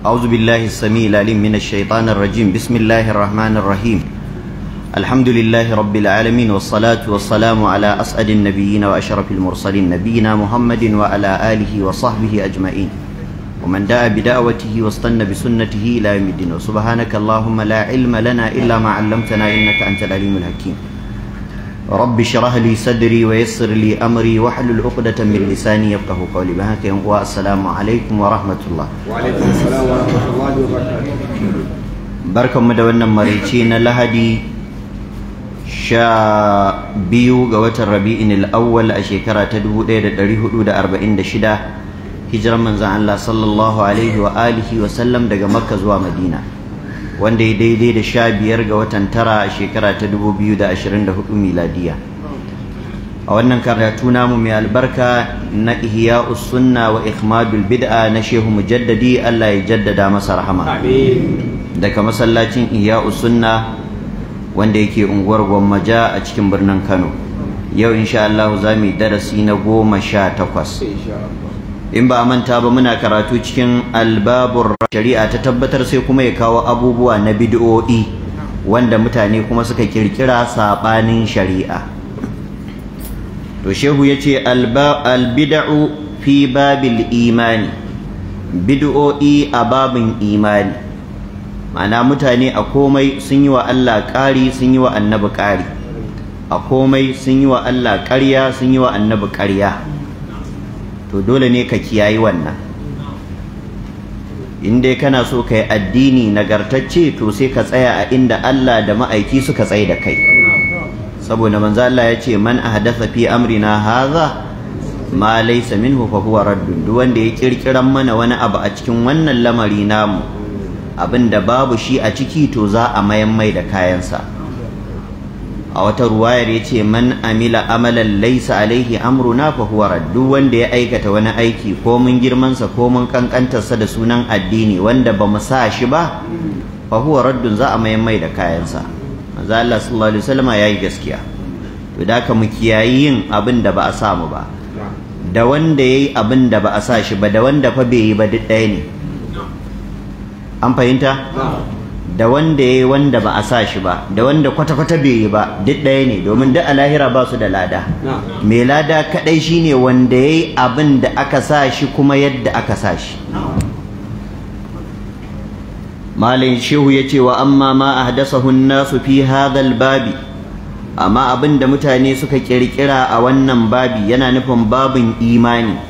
أعوذ بالله السميع العليم من الشيطان الرجيم بسم الله الرحمن الرحيم الحمد لله رب العالمين والصلاة والسلام على أسعد النبيين وأشرف المرسلين نبينا محمد وعلى آله وصحبه أجمعين ومن دعا بدعوته واستنى بسنته إلى يوم الدين وسبحانك اللهم لا علم لنا إلا ما علمتنا إنك أنت العليم الحكيم rabbi shrah li sadri wa yassir li amri wahlul 'uqdatan min lisani yafqahu qawli ba haka yan uwa assalamu alaikum wa rahmatullah wa alaikum da wannan maraice na lahadi sha biyu ga watan rabi'in al-awwal a shekara ta 1446 hijirar manzon Allah sallallahu alaihi wa alihi wa sallam daga Makka zuwa Madina wanda ya daidai da sha biyar ga watan tara a shekara ta dubu biyu da ashirin da hudu miladiya a wannan karatu namu mai albarka na ihya sunna wa ikhmadul bid'a na shehu mujaddadi Allah ya jaddada masa rahama daga masallacin ihya sunna wanda yake unguwar gwammaja a cikin birnin Kano yau insha za mu yi darasi na goma sha takwas in ba a manta ba muna karatu cikin albabur shari'a ta tabbatar sai kuma ya kawo abubuwa na bid'o'i wanda mutane kuma suka kirkira sabanin shari'a to shehu yace albid'u fi babil imani bid'o'i a babin imani ma'ana mutane a komai sun yi wa Allah ƙari sun yi wa annabi ƙari a komai sun yi wa Allah ƙarya sun yi wa annabi ƙarya to dole ne ka kiyayi wannan in dai kana so ka yi addini nagartacce to sai ka tsaya a inda Allah da ma'aiki suka tsaye da kai saboda manzo Allah ya ce man ahdatha fi amrina haza ma laysa minhu fa huwa raddun duk wanda ya kirkiran mana wani abu a cikin wannan lamari namu abinda babu shi a ciki to za a mayan mai da kayansa a wata ruwayar ya ce man amila amalan Laisa alaihi amruna fa huwa duk wanda ya aikata wani aiki ko mun girman ko mun kankantar da sunan addini wanda ba mu sa shi ba fa huwa raddun za a mayan mai da kayan sa manzo Allah sallallahu alaihi yayi gaskiya to da mu kiyayi yin abin da ba a sa mu ba da wanda yayi abin da ba a sa shi ba da wanda fa bai yi ba duk ɗaya ne an fahimta da wanda yayi wanda ba a sa shi ba da wanda kwata-kwata bai yi ba duk ɗaya ne domin duk a lahira ba su da lada mai lada kaɗai shine wanda yayi abin da aka sa shi kuma yadda aka sa shi malin shehu ya ce wa amma ma hunna nasu fi hadal babi amma abin da mutane suka kirkira a wannan babi yana nufin babin imani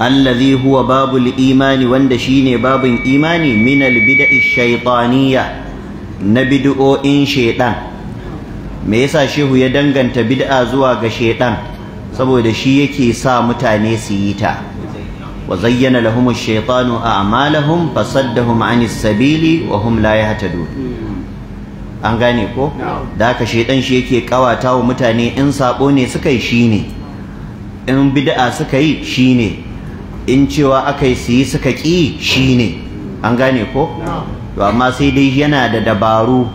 allazi huwa babul imani wanda shine babin imani min al bid'i shaytaniyya na bid'o'in shaiɗan. me yasa shehu ya danganta bid'a zuwa ga shaiɗan saboda shi yake sa mutane su yi ta wa zayyana lahum ash-shaytanu a'malahum fasaddahum 'anis sabili wa hum la yahtadun an gane ko da haka shaytan shi yake ƙawatawa mutane in saɓo ne suka yi shine in bid'a suka yi ne. in cewa aka yi su yi suka ƙi shi ne an gane ko to amma sai dai yana da dabaru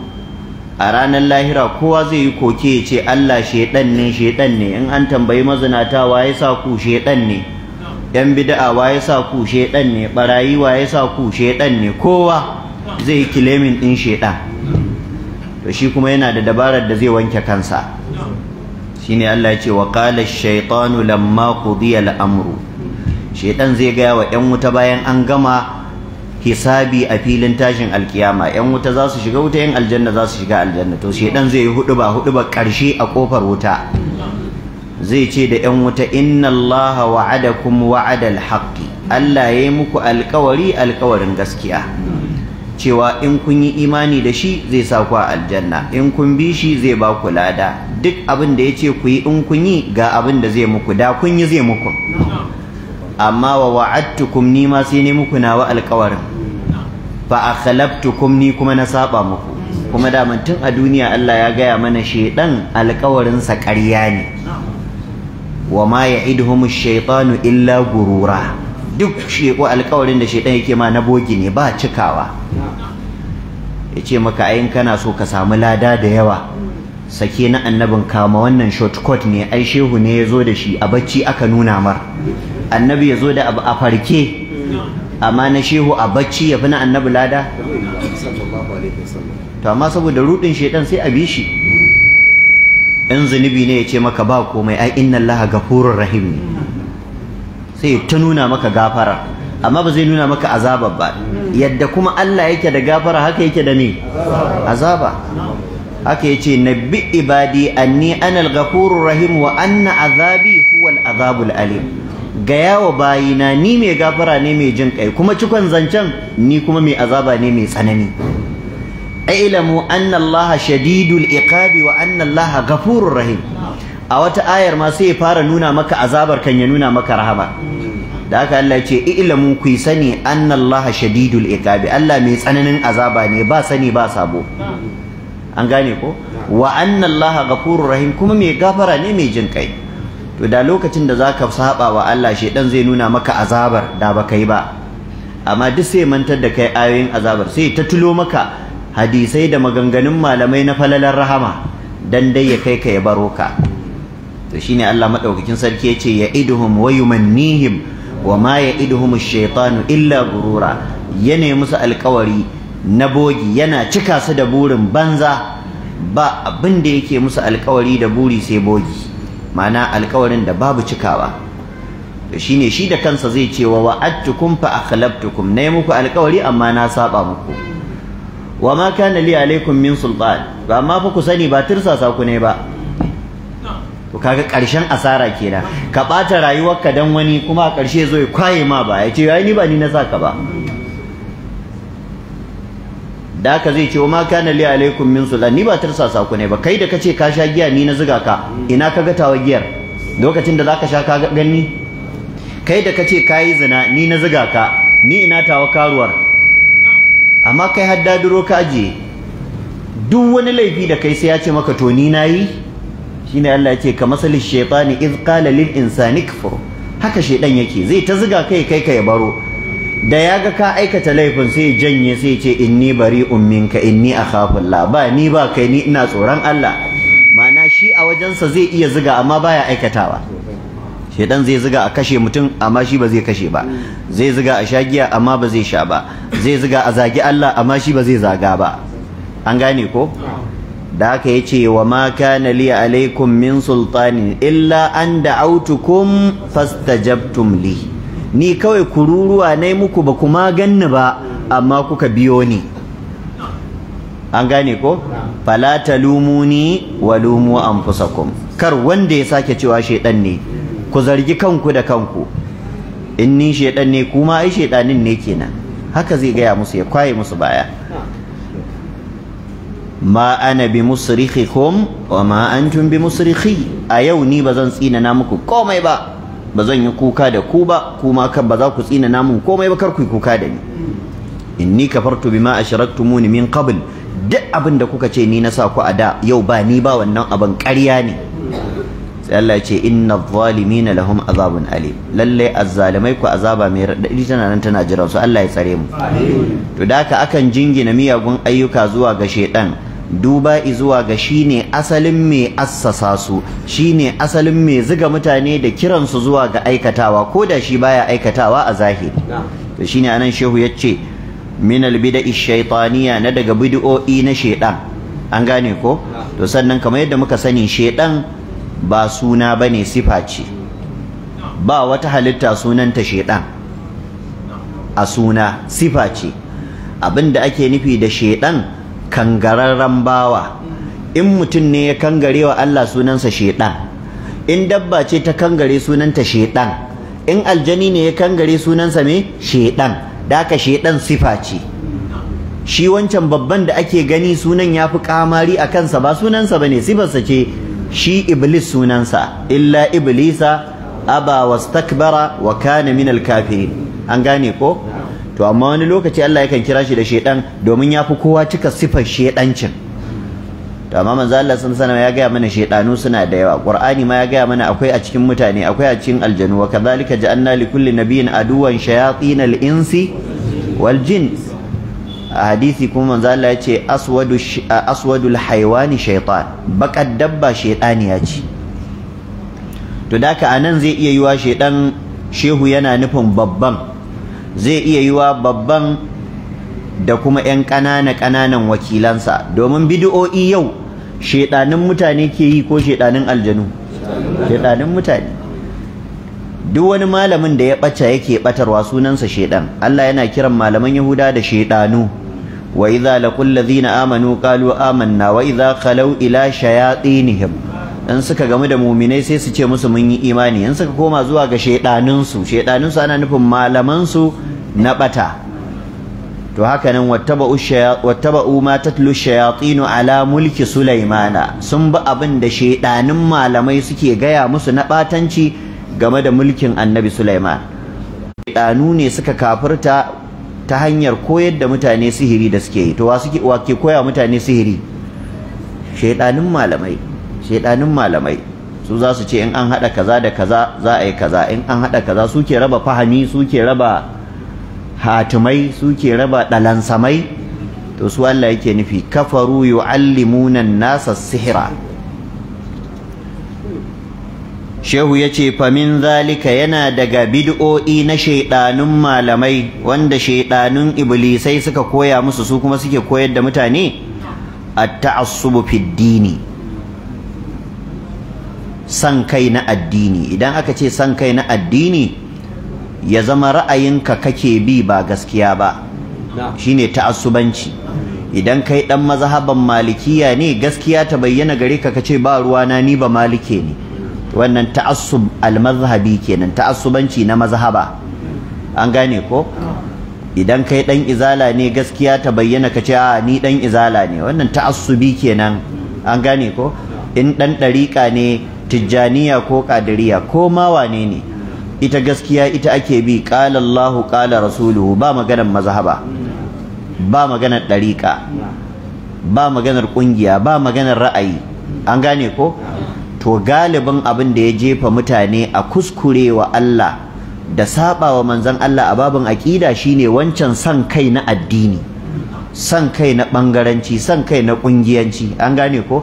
a ranar lahira kowa zai yi koke ya ce Allah shaidan ne shaidan ne in an tambayi mazinata waye sa ku shaidan ne yan bid'a waye sa ku shaidan ne barayi waye sa ku shaidan ne kowa zai yi kilemin ɗin shedan to shi kuma yana da dabarar da zai wanke kansa shine Allah ya ce wa qala ash lamma qudiya al-amru shedan zai gaya wa yan wuta bayan an gama hisabi a filin tashin alkiyama yan wuta za su shiga wuta yan aljanna za su shiga aljanna to shedan zai hudu ba hudu ba ƙarshe a kofar wuta zai ce da yan wuta inna allaha wa'adakum wa'adal haqqi Allah yayi muku alkawari alkawarin gaskiya cewa in kun yi imani da shi zai sa ku aljanna in kun bi shi zai ba ku lada duk abin da ya ce ku yi in kun yi ga abin da zai muku da kun yi zai muku amma wa wa'adtukum ni ma sai ne muku nawa alƙawarin fa akhlaftukum ni kuma na saba muku kuma da tun a duniya Allah ya gaya mana shedan alƙawarin sa ƙarya ne wa ma ya'iduhum shaytanu illa gurura duk sheko alƙawarin da shedan yake ma na bogi ne ba cikawa yace maka ayin kana so ka samu lada da yawa sake na annabin kama wannan shortcut ne ai shehu ne ya zo da shi a bacci aka nuna mar annabi ya zo da abu a farke amma na shehu a bacci ya fi na annabi lada to amma saboda rudin shedan sai a bi shi in zunubi ne ya ce maka ba komai ai inna allaha ghafurur rahim ne sai ta nuna maka gafara amma ba zai nuna maka azaba ba yadda kuma Allah yake da gafara haka yake da me azaba haka yace nabbi ibadi anni ana al-ghafurur rahim wa anna azabi huwa al-azabul alim gaya wa bayina ni mai gafara ne mai jin kai kuma cikon zancen ni kuma mai azaba ne mai tsanani ilamu anna allaha shadidul iqabi wa anna allaha ghafurur rahim a wata ayar ma sai ya fara nuna maka azabar kan ya nuna maka rahama da haka Allah ce ilamu ku sani anna allaha shadidul iqabi Allah mai tsananin azaba ne ba sani ba sabo an gane ko wa anna allaha ghafurur rahim kuma mai gafara ne mai jin kai to da lokacin da za ka saba wa Allah shedan zai nuna maka azabar da baka yi ba amma duk sai mantar da kai ayoyin azabar sai ta tulo maka hadisai da maganganun malamai na falalar rahama dan dai ya kai ka ya baro ka to shine Allah madaukakin sarki yace ya iduhum wa yumannihim wa ma ya iduhum ash-shaytanu illa gurura yana musu alkawari na bogi yana cika su da burin banza ba abin da yake musu alkawari da buri sai bogi ma'ana alkawarin da babu cikawa shine shi da kansa zai ce wa wa'adtukum fa akhlaftukum nayi muku alkawari amma na saba muku wa ma kana li alaikum min sultan ba ma fa ku sani ba tirsasa ku ne ba to kaga karshen asara kenan ka bata rayuwarka dan wani kuma a karshe zai ya kwaye ma ba ya ce ai ni ba ni na saka ba da haka zai ce wa ma kana li alaikum min sultan ni ba tarsa ku ne ba kai da kace ka sha giya ni na zuga ka ina kaga tawa giyar lokacin da zaka sha ka ganni kai da kace kayi zina ni na zuga ka ni ina tawa karuwar amma kai har dadiro ka aje duk wani laifi da kai sai ya ce maka to ni nayi shine Allah yake ka masalish shaytani iz qala lil insani kfur haka shedan yake zai ta zuga kai kai ka ya baro da ya ga ka aikata laifin sai janye sai ce inni bari'un minka inni akhafullah ba ni ba kai ni ina tsoron Allah ma'ana shi a wajensa zai iya ziga amma baya aikatawa shedan zai ziga a kashe mutum amma shi ba zai kashe ba zai ziga a shagiya amma ba zai sha ba zai ziga a zagi Allah amma shi ba zai zaga ba an gane ko da haka yace wa ma kana li alaikum min sultani illa an da'autukum fastajabtum li ni kawai kururuwa ne muku ba kuma ganni ba amma kuka biyo ni an gane ko fala lumuni wa lumu anfusakum kar wanda ya sake cewa shedan ne ku zargi kanku da kanku in ni shedan ne kuma ai shedanin ne kenan haka zai gaya musu ya kwaye musu baya ma ana bi musrikhikum wa ma antum bi musrikhi a yau ni ba zan tsina na muku komai ba ba zan yi kuka da ku ba kuma kan ba za ku tsina namun komai ba kar ku yi kuka da ni inni kafartu bima ashraktumuni min qabl duk abin da kuka ce ni na sa ku a da yau ba ni ba wannan abin ƙarya ne sai Allah ya ce inna adh-dhalimina lahum azabun alim lalle azzalimai ku azaba mai radadi tana nan tana jira su Allah ya tsare mu to da haka akan jingina miyagun ayyuka zuwa ga shedan duba izuwa ga shine asalin mai assasa su shine asalin mai ziga mutane da kiransu zuwa ga aikatawa ko da shi baya aikatawa a zahiri to shine anan shehu yace min albida'i shaytaniya na daga bid'o'i na shedan an gane ko to sannan kamar yadda muka sani shedan ba suna bane sifa ce ba wata halitta sunanta shedan a suna sifa ce abinda ake nufi da shedan kangararren bawa in mutum ne ya kangare wa Allah sunansa shedan in dabba ce ta kangare sunanta shedan in aljani ne ya kangare sunansa me shedan da ka shedan sifa ce shi wancan babban da ake gani sunan ya fi kamari a kansa ba sunansa ba ne, sifarsa ce shi iblis sunansa illa iblisa aba wastakbara wa kana minal kafirin an gane ko to amma wani lokaci Allah yakan kira shi da shedan domin ya fi kowa cika sifar shedancin to amma manzo Allah sun sanar ya gaya mana shedanu suna da yawa qur'ani ma ya gaya mana akwai a cikin mutane akwai a cikin aljanu wa kadhalika ja'alna kulli nabiyyin aduwan shayatinal insi wal jin a hadisi kuma manzo Allah ya ce aswadu aswadul haywani shaytan bakad dabba shedani ya ce to daka anan zai iya yiwa shedan shehu yana nufin babban zai iya yiwa babban da kuma 'yan ƙanana ƙananan wakilansa domin bidiyo'i yau shaidanin mutane ke yi ko shaidanin aljanu shaidanin mutane duk wani malamin da ya ɓata yake ɓatarwa sunansa shaidan, Allah yana kiran malaman Yahuda da shaidanu wa idza laqul ladina amanu qalu amanna wa idza khalau ila shayatinihim in suka gamu da muminai sai su ce musu mun yi imani in suka koma zuwa ga shaidaninsu shaidaninsu ana nufin malamansu na bata to haka nan wattaba'u ma tatlu shayatinu ala mulki sulaimana sun bi abin da shaidanin malamai suke gaya musu na batanci game da mulkin annabi sulaiman shaidanu ne suka kafirta ta hanyar koyar da mutane sihiri da suke yi to wa ke koya mutane sihiri shaidanin malamai shedanin malamai su za su ce in an hada kaza da kaza za a yi kaza in an hada kaza suke raba fahami suke raba hatimai suke raba dalansamai to su Allah yake nufi kafaru yu'allimuna an-nasa sihra Shehu ya ce famin zalika yana daga bid'o'i na shaidanun malamai wanda shaidanun iblisai suka koya musu su kuma suke koyar da mutane at-ta'assubu fid dini san kai na addini idan aka ce san kai na addini ya zama ra'ayinka kake bi ba gaskiya ba shine ta'assubanci idan kai dan mazhaban malikiya ne gaskiya ta bayyana gare ka kace ba ruwana ni ba malike ne wannan ta'assub al-mazhabi kenan ta'assubanci na mazhaba an gane ko idan kai dan izala ne gaskiya ta bayyana kace a ni dan izala ne wannan ta'assubi kenan an gane ko in dan dariƙa ne tijjaniya ko kadiriya ko ma wane ne ita gaskiya ita ake bi qala Allahu qala rasuluhu ba maganar mazhaba ba maganar dariqa ba maganar kungiya ba maganar ra'ayi an gane ko to galibin abin da ya jefa mutane a kuskurewa Allah da sabawa manzon Allah a babin aqida shine wancan san kai na addini san kai na bangaranci san kai na kungiyanci an gane ko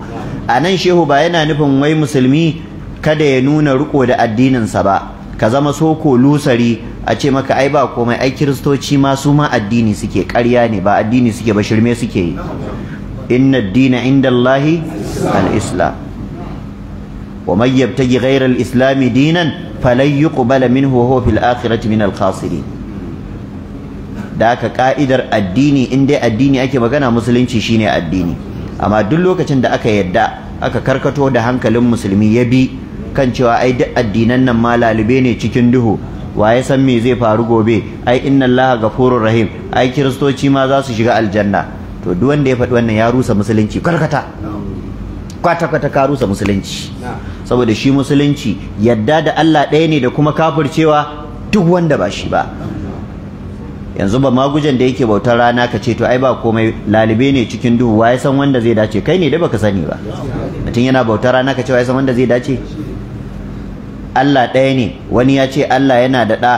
a nan shehu ba yana nufin wai musulmi kada ya nuna riko da addinin sa ba ka zama soko lusari a ce maka ai ba komai ai kiristoci ma su ma addini suke ƙarya ne ba addini suke ba shirme suke yi inna addina dina indallahi al-islam wa mayyabtagi yabtaghi islami dinan falayyuku minhu wa huwa fil akhirati min al-khasirin da aka ka'idar addini in dai addini ake magana musulunci shine addini amma duk lokacin da aka yadda aka karkato da hankalin musulmi ya bi kan cewa ai duk addinan nan ma lalube ne cikin duhu wa ya san me zai faru gobe ai inna allaha ghafurur rahim ai kiristoci ma za su shiga aljanna to duk wanda ya faɗi wannan ya rusa musulunci karkata kwata kwata ka rusa musulunci saboda shi musulunci yadda da Allah ɗaya ne da kuma kafircewa duk wanda ba shi ba yanzu ba magujan da yake bautar rana ka ce to ai ba komai lalibe ne cikin duhu wai san wanda zai dace kai ne da baka sani ba mutum yana bautar rana ka ce wai san wanda zai dace Allah ɗaya ne wani ya ce Allah yana da ɗa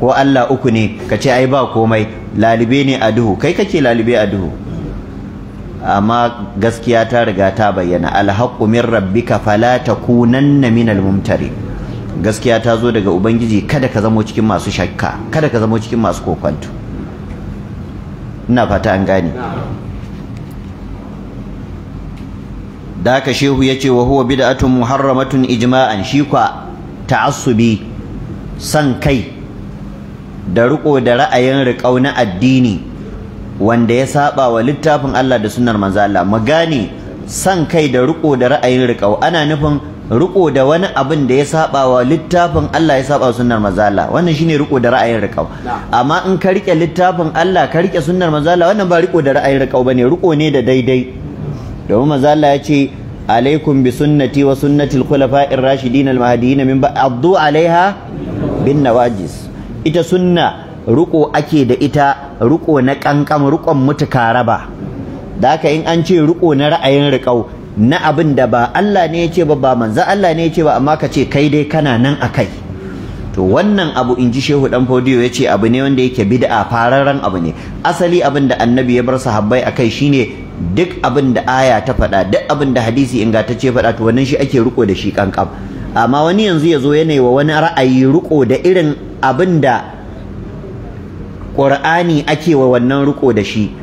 ko Allah uku ne ka ce ai ba komai lalibe ne a duhu kai kake lalibe a duhu amma gaskiya ta riga ta bayyana alhaqqu min rabbika fala takunanna minal mumtari gaskiya ta zo daga ubangiji kada ka zamo cikin masu shakka kada ka zamo cikin masu kokwanto ina fata an gane da haka shehu ya ce wa huwa bid'atun muharramatun ijma'an shi kwa ta'assubi san kai da riko da ra'ayin riƙau na addini wanda ya saba wa littafin Allah da sunnar manzo Allah magani san kai da riko da ra'ayin riƙau ana nufin ruko da wani abin da ya saba wa littafin Allah ya saba sunnar mazala wannan shine riko da ra'ayin riƙau amma in ka rike littafin Allah ka rike sunnar mazala wannan ba riko da ra'ayin riƙau bane riko ne da daidai domin mazala ya ce alaikum bi sunnati wa sunnati al-khulafa'ir rashidin al-mahdiyyin min ba'du 'alaiha bin nawajis ita sunna riko ake da ita riko na kankam rikon mutuka raba da haka in an ce riko na ra'ayin riƙau na abin da ba Allah ne ya ce ba ba manzo Allah ne ya ce ba amma ka ce kai dai kana nan akai to wannan abu inji Shehu Dan Fodiyo ya ce abu ne wanda yake bid'a fararren abu ne asali abin da annabi ya bar sahabbai akai shine duk abin da aya ta faɗa duk abin da hadisi ingantacce faɗa to wannan shi ake ruko da shi kankam amma wani yanzu ya zo yana wa wani ra'ayi riko da irin abin da Qur'ani ake wa wannan riko da shi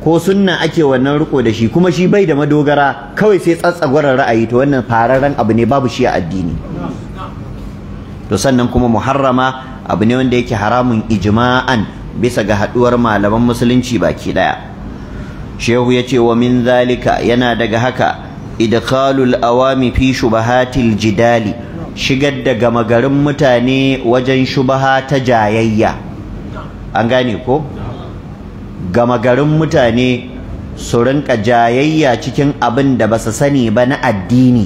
ko sunna ake wannan riko da shi kuma shi bai da madogara kawai sai tsatsagwarar ra'ayi to wannan fararen abu ne babu shi a addini to sannan kuma muharrama abu ne wanda yake haramun ijma'an bisa ga haduwar malaman musulunci baki daya shehu yace wa min zalika yana daga haka idkhalul awami fi shubahatil jidali shigar da gamagarin mutane wajen shubaha ta jayayya an gane ko gama garin mutane su rinka jayayya cikin abin da ba su sani ba na addini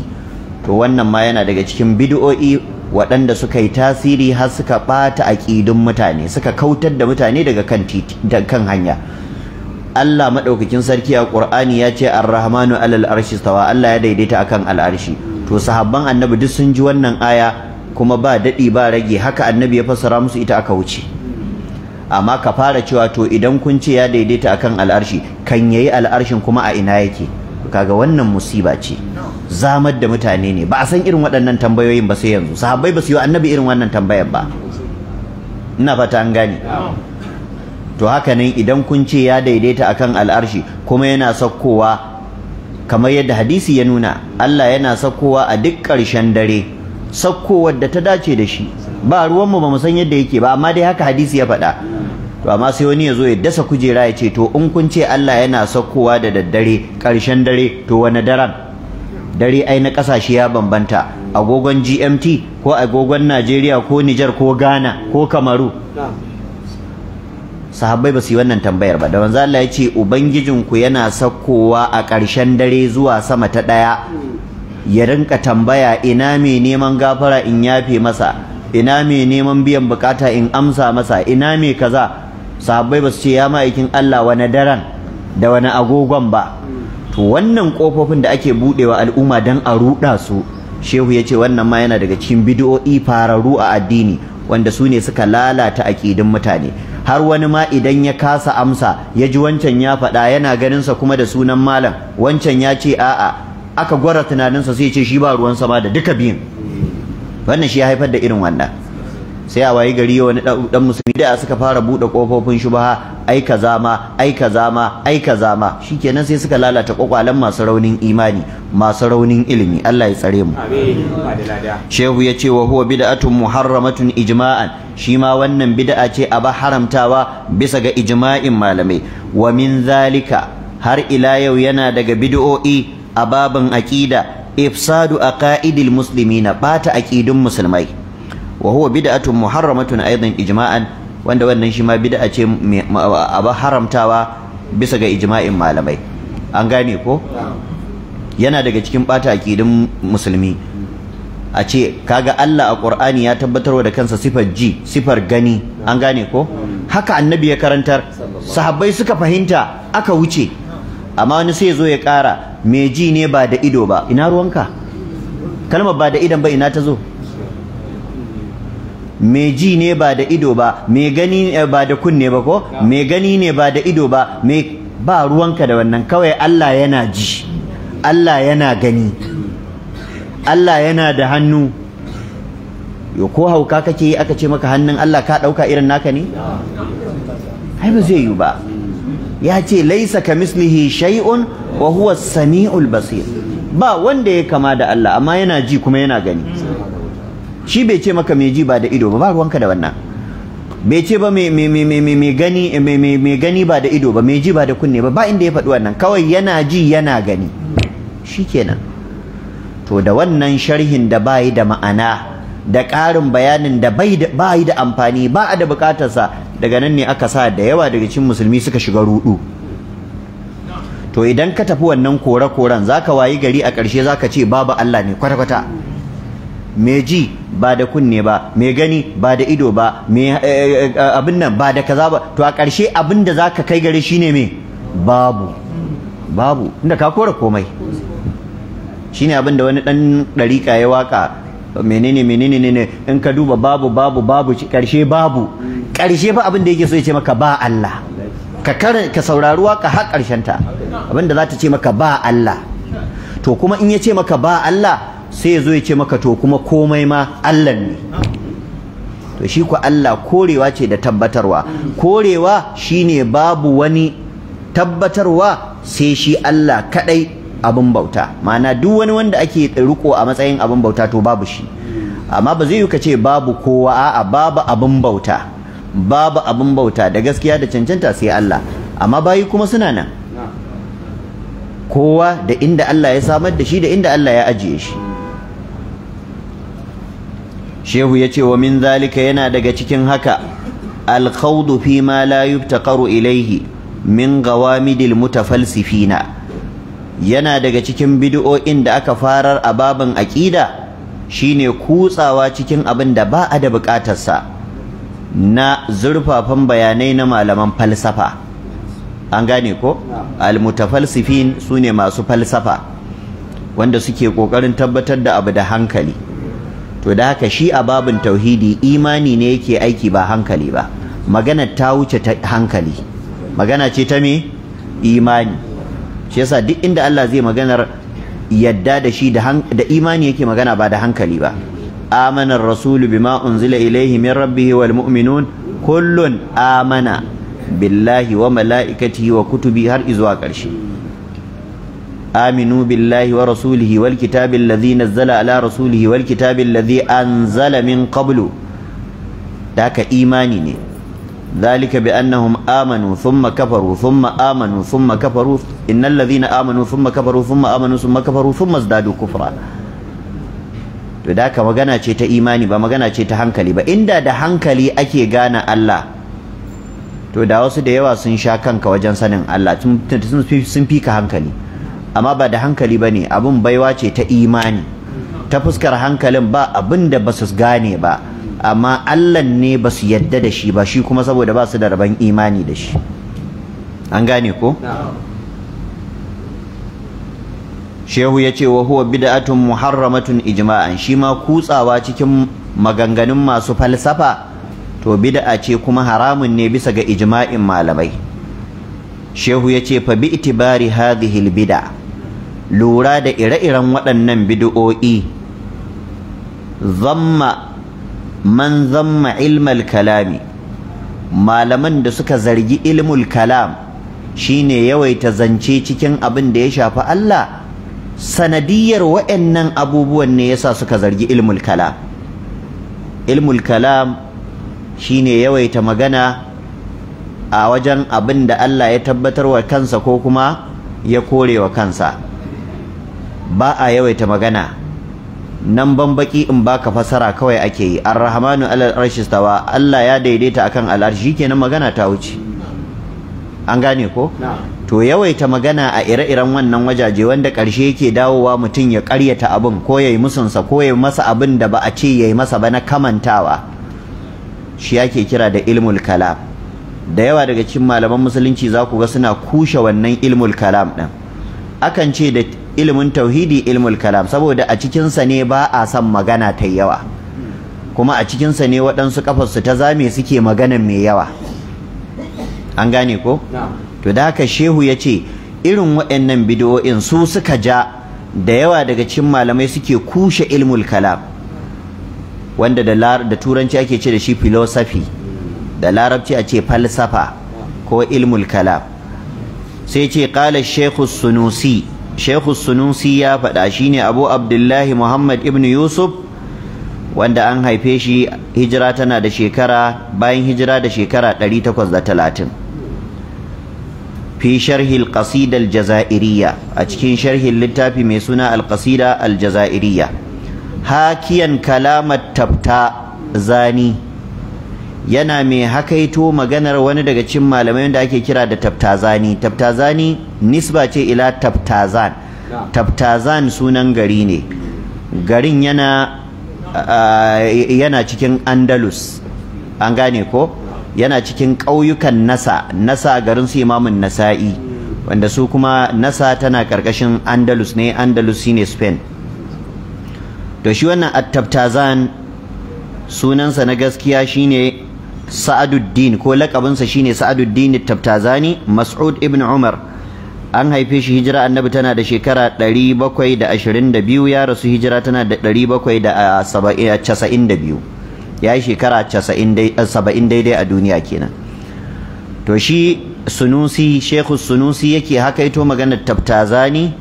to wannan ma yana daga cikin bid'o'i waɗanda suka yi tasiri har suka ɓata aƙidun mutane suka kautar da mutane daga kan titi da kan hanya Allah maɗaukakin sarki a Ƙur'ani ya ce Ar-Rahmanu alal arshi stawa Allah ya daidaita akan al'arshi to sahabban annabi duk sun ji wannan aya kuma ba daɗi ba rage haka annabi ya fassara musu ita aka wuce amma ka fara cewa to idan kun ce ya daidaita akan al'arshi kan yayi al'arshin kuma a ina yake kaga wannan musiba ce zamar da mutane ne ba a san irin waɗannan tambayoyin ba sai yanzu sahabbai ba su yi annabi irin wannan tambayar ba ina fata an gane to haka nan idan kun ce ya daidaita akan al'arshi kuma yana sakkowa kamar yadda hadisi ya nuna Allah yana sakkowa a duk ƙarshen dare sakkowar da ta dace da shi ba ruwanmu ba mu san yadda yake ba amma dai haka hadisi ya faɗa to amma sai wani ya zo ya dasa kujera ya ce to in kun ce Allah yana saukowa da daddare ƙarshen dare to wani daren dare ai na kasashe ya bambanta agogon GMT ko agogon Najeriya ko Niger ko Ghana ko Kamaru sahabbai ba su yi wannan tambayar ba da manzo Allah ya ce ku yana sakkowa a ƙarshen dare zuwa sama ta ɗaya ya rinka tambaya ina mai neman gafara in yafe masa ina mai neman biyan bukata in amsa masa ina mai kaza sahabbai ba su ce ya ma'aikin Allah wani daren da wani agogon ba to wannan kofofin da ake budewa al'umma dan a ruda su shehu ya ce wannan ma yana daga cikin bidiyo'i fararu a addini wanda su ne suka lalata aƙidin mutane har wani ma idan ya kasa amsa ya ji wancan ya faɗa yana ganin sa kuma da sunan malam wancan ya ce a'a aka gwara tunaninsa sai ya ce shi ba ruwan sama da duka biyun wannan shi ya haifar da irin wannan sai a wayi gari wani dan musulmi da suka fara bude kofofin shubha ai kaza ma ai kaza ma ai kaza ma shikenan sai suka lalata kwakwalen masu raunin imani masu raunin ilimi Allah ya tsare mu shehu ya ce wa huwa bid'atun muharramatun ijma'an shi ma wannan bid'a ce a ba haramtawa bisa ga ijma'in malamai wa min zalika har ila yau yana daga bid'o'i a babin aqida ifsadu aqaidil muslimina bata aqidun musulmai wa huwa bid'atun muharramatun aidan ijima'an. wanda wannan shi ma bi bid'a ce aba haramtawa bisa ga ijima'in malamai an gane ko yana daga cikin bata aqidun musulmi a ce kaga Allah a Qur'ani ya tabbatarwa da kansa sifar ji sifar gani an gane ko haka annabi ya karantar sahabbai suka fahimta aka wuce amma wani sai zo ya kara me ji ne ba da ido ba ina ruwanka kalmar ba da idan ba ina ta zo me ji ne ba da ido ba me gani eh, ba da kunne ba ko me gani ne ba da ido ba me ba ruwanka da wannan kawai Allah yana ji Allah yana gani Allah yana da hannu yo ko hauka kake yi aka ce maka hannun Allah ka dauka irin naka ne ai ba zai yi ba ya ce laisa mislihi shay'un wa huwa samiul basir ba wanda ya kama da Allah amma yana ji kuma yana gani shi bai ce maka mai ji ba da ido ba ba ruwanka da wannan bai ce ba mai gani mai gani ba da ido ba mai ji ba da kunne ba ba inda ya faɗi wannan kawai yana ji yana gani shikenan to da wannan sharhin da bayi da ma'ana da ƙarin bayanin da bai da ba da amfani ba a da bukatarsa daga nan ne aka sa da yawa daga cikin musulmi suka shiga rudu to idan ka tafi wannan kore-koren zaka wayi gari a ƙarshe zaka ce babu Allah ne kwata-kwata me ji ba da kunne ba me gani ba da ido ba me eh, eh, eh, abin nan ba da kaza ba to a ƙarshe abin da zaka kai gari shine me babu babu inda ka kore komai shine abin da wani dan dariƙa ya waka menene menene ne in ka duba babu babu babu karshe babu karshe ba abin da yake so ya ce maka ba Allah ka kar ka sauraruwa ka har karshen ta abin da za ta ce maka ba Allah to kuma in ya ce maka ba Allah sai ya zo ya ce maka to kuma komai ma Allah ne to shi ku Allah korewa ce da tabbatarwa korewa shine babu wani tabbatarwa sai shi Allah kadai abin bauta ma'ana duk wani wanda ake riko a matsayin abin bauta to babu shi amma ba zai yi ka ce babu kowa a'a babu abin bauta babu abin bauta da gaskiya da cancanta sai Allah amma bayi kuma suna nan kowa da inda Allah ya samar da shi da inda Allah ya ajiye shi shehu ya ce wa min zalika yana daga cikin haka alkhawdu fi ma la yubtaqaru ilaihi, min gawamidil mutafalsifina yana daga cikin bid'o'in da aka farar a babin aqida shine kutsawa cikin abin da ba a da bukatarsa na zurfafan bayanai na malaman falsafa an gane ko almutafalsifin sune masu falsafa wanda suke kokarin tabbatar da abu da hankali to da haka shi a babin tauhidi imani ne yake aiki ba hankali ba magana ta wuce ta hankali magana ce ta me imani shi yasa duk inda Allah zai maganar yadda da shi da imani yake magana ba da hankali ba amanar rasulu bima unzila ilaihi min rabbi wal mu'minun kullun amana billahi wa mala'ikatihi wa kutubi har izuwa ƙarshe aminu billahi wa rasulihi wal kitabi na nazzala ala rasulihi wal kitabi an anzala min qablu daka imani ne ذلك بأنهم آمنوا ثم كفروا ثم آمنوا ثم كفروا إن الذين آمنوا ثم كفروا ثم آمنوا ثم كفروا ثم ازدادوا كفرا to da ka magana ce ta imani ba magana ce ta hankali ba inda da hankali ake gane Allah to da wasu da yawa sun sha kanka wajen sanin Allah sun fi hankali amma ba da hankali ne, abun baiwa ce ta imani ta fuskar hankalin ba abin da ba su gane ba amma Allah ne ba su yadda da shi ba shi kuma saboda ba su da rabon imani da shi an gane ko shehu ya ce wa huwa bid'atun muharramatun ijima'an, shi ma kutsawa cikin maganganun masu falsafa to bid'a ce kuma haramun ne bisa ga ijima'in malamai shehu ya ce fa bi itibari hadhihi bid'a lura da ire-iren waɗannan bid'o'i zamma man zamma ilmal kalami malaman da suka zargi ilmul kalam shine yawaita zance cikin abin da ya shafi Allah sanadiyar waɗannan abubuwan ne yasa suka zargi ilmul kalam ilmul kalam shine yawaita magana a wajen abin da Allah ya tabbatar wa kansa ko kuma ya kore wa kansa ba a yawaita magana nan banbaki in baka fasara kawai ake yi ar-rahmanu alal arshi Allah ya daidaita akan al'arshi kenan magana ta wuce an gane ko to yawaita magana a ire-iren wannan wajaje wanda karshe yake dawowa mutum ya ƙaryata abin ko yayi musunsa ko yayi masa abin da ba a ce yayi masa ba na kamantawa shi yake kira da ilmul kalam da yawa daga cikin malaman musulunci za ku ga suna kushe wannan ilmul kalam din akan ce da ilimin tauhidi ilmul kalam saboda a cikinsa ne ba a son magana ta yawa kuma a cikinsa ne waɗansu su ta zame suke magana mai yawa an gane ko to da haka shehu ya ce irin waɗannan bidiyo'in su suka ja da yawa daga cikin malamai suke kushe ilmul kalam wanda da turanci ake ce da shi philosophy da larabci a ce falsafa ko ilmul kalam sai ce qala shehu sunusi Sheikhu Sunusi ya faɗa shine Abu Abdullahi Muhammad ibn Yusuf wanda an haife shi hijira tana da shekara bayan hijira da shekara 830 fi sharhi al-qasida al-jazairiyya a cikin sharhin littafi mai suna al-qasida al-jazairiyya hakiyan kalamat tabta zani yana mai hakaito maganar wani daga cikin malamai da ake kira da taftazani taftazani nisba ce ila taftazan taftazan sunan gari ne garin yana yana cikin andalus an gane ko yana cikin ƙauyukan nasa nasa garin su imamun nasa'i wanda su kuma nasa tana karkashin andalus ne andalus shine spain to shi wannan at taftazan sunansa na gaskiya shine Sa'aduddin ko lakabinsa shine Sa'aduddin Tabtazani Mas'ud ibn Umar an haife shi hijira annabi tana da shekara 722 ya rasu hijira tana da 792 ya yi shekara 70 eh, daidai a duniya kenan to shi Sunusi sheku Sunusi yake haka ito maganar Tabtazani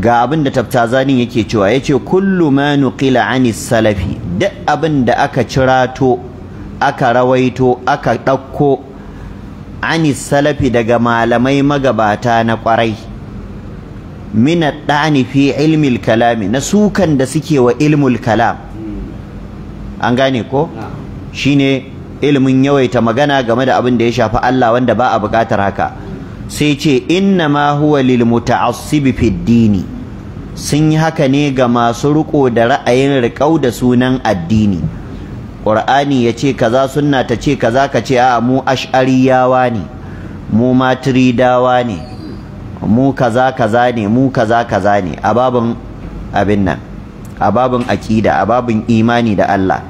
ga abin da tabtazanin yake cewa ce kullu ma nuqila anis salafi duk abin da aka cirato aka rawaito aka ɗauko ani salafi daga malamai magabata na ƙwarai mina ɗani fi ilmil kalami na sukan da suke wa ilmul kalam an gane ko shine ilmin yawaita magana game da abin da ya shafi Allah wanda ba a buƙatar haka sai ce inna ma huwa lil muta'assibi fid dini sun yi haka ne ga masu riko da ra'ayin riƙau da sunan addini Qur'ani ya ce kaza sunna ta ce kaza ka ce a'a mu ash'ariyawa ne mu maturidawa ne mu kaza kaza ne mu kaza kaza ne a babin abin nan a babin akida a babin imani da Allah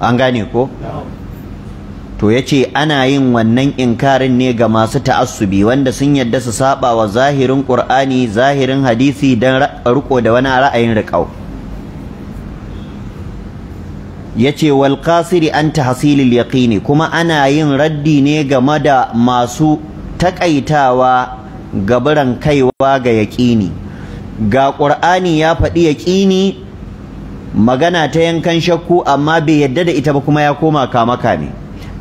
an gane ko to yace ana yin wannan inkarin ne ga masu ta'assubi wanda sun yadda su saba wa zahirin Qur'ani zahirin hadisi dan riko da wani ra'ayin riƙau yace wal qasiri an tahsilil yaqini kuma ana yin raddi ne game da masu taƙaitawa gabaran kaiwa ga yaqini ga qur'ani ya faɗi yaqini magana ta yankan shakku amma bai yadda da ita ba kuma ya koma kamaka ne.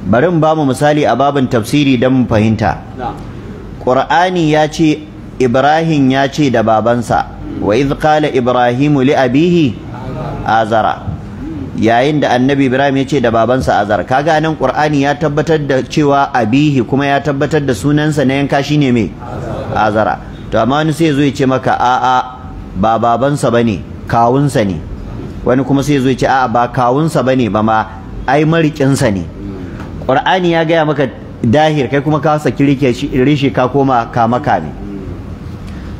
bari mu ba mu misali a babin tafsiri don fahimta qur'ani ya ce ibrahim ya ce da babansa wa izu qala ibrahimu li abihi azara yayin da annabi Ibrahim ya ce da babansa Azar kaga nan Qur'ani ya tabbatar da cewa abihi kuma ya tabbatar da sunansa na yanka shine me Azara to amma wani sai zo ya ce maka a'a ba babansa bane kawunsa ne wani kuma sai zo ya ce a'a ba kawunsa bane ba ma ai marikinsa ne Qur'ani ya gaya maka dahir kai kuma ka saki rishi ka koma kama ne